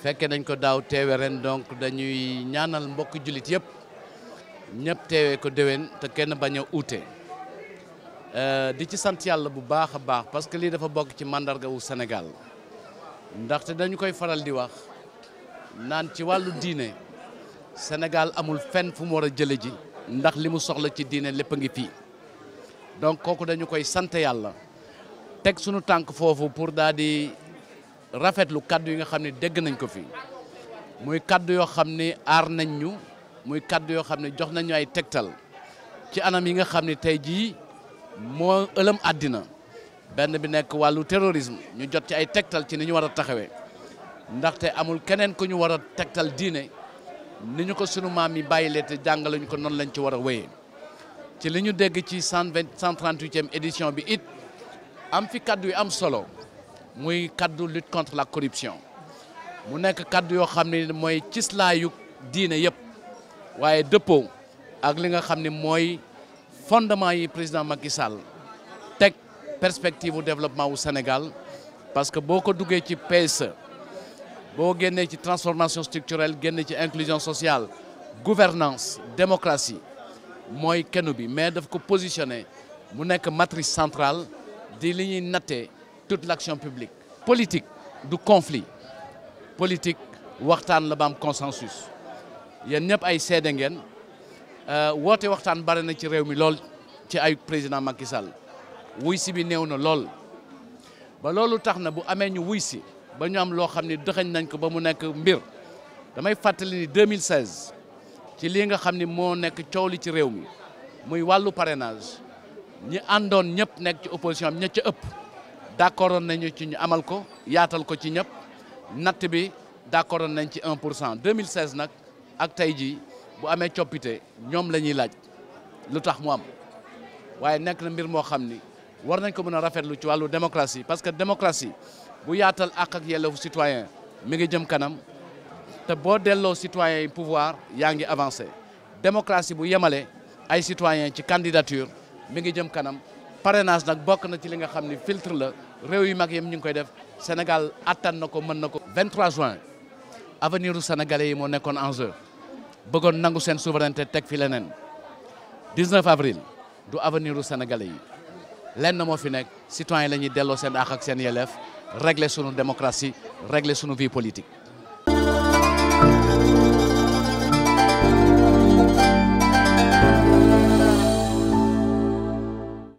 fekke nañ ko daaw teewe ren donc dañuy ñaanal mbokk julit yëpp ñëpp teewee ko déwén te kenn bañ a uute euh, di ci sant yàlla bu baax a baax parce que lii dafa bokk ci mandarga wu Sénégal ndaxte dañu koy faral di wax naan ci wàllu diine Sénégal amul fenn fu mu war a jële ji ndax li mu soxla ci diine lépp a ngi fii donc kooku dañu koy sant yàlla teg sunu tànk foofu pour daal di rafetlu kaddu yi nga xam ne dégg nañ ko fi muy kaddu yoo xam ne aar nañ ñu muy kaddu yoo xam ne jox nañ ay tegtal ci anam yi nga xam ne tey jii moo ëlëm àddina benn bi nekk wàllu terrorisme ñu jot ci ay tegtal ci ni ñu war a taxawee ndaxte amul keneen ku ñu war a tegtal diine ni ñu ko sunu maam yi bàyyi leen te jàngale ñu ko noonu lañ ci war a wéyee ci li ñu dégg ci cent vingt cent trente-huitième bi it am fi kaddu yi am solo. muy kaddu lutte contre la corruption mu nekk kaddu yoo xam ne mooy cislaayu diine yëpp waye dëppoo ak li nga xamni moy fondement yi président Macky Sall tek perspective de développement au Sénégal parce que boko ko ci PSE bo génné ci transformation structurelle génné ci inclusion sociale gouvernance démocratie moy kenou bi mais daf ko positionné mu nek matrice centrale di li ñi naté toute l'action publique politique du conflit politique waxtaan la bam consensus yéen ñëpp ay seede ngeen euh, woote waxtaan bare na ci réew mi ci ay président Macky Sall wuy si bi néew na lool ba lolou taxna bu amee ñu wuy si ba ñu am lo xamni ne nañ ko ba mu nekk mbir damay fatali ni 2016 ci li nga xamni mo nekk ci réew mi muy walu parrainage ñi andone ñëpp nekk ci opposition ñi ci ëpp D'accord, nous ci ñu amal ko yaatal ko 1 2016 nak ak bu nous avons laaj mu am na mbir nous ni war démocratie parce que démocratie bu yaatal ak ak yelleefu citoyen mi ngi kanam Nous avons citoyens yi pouvoir yaa ngi avancé démocratie bu yemale ay citoyen ci candidature kanam parrainage nag bokk na ci li nga xam ni filtre la réew yu mag yam ñu ngi koy def Sénégal attan na ko mën na ko. 23 juin avenir u sénégalais yi moo nekkoon enjeu bëggoon nangu seen souveraineté teg fi leneen 19 avril du avenir u sénégalais yi lenn moo fi nekk citoyen la ñuy delloo seen àq ak seen yelleef régler sunu démocratie régler sunu vie politique.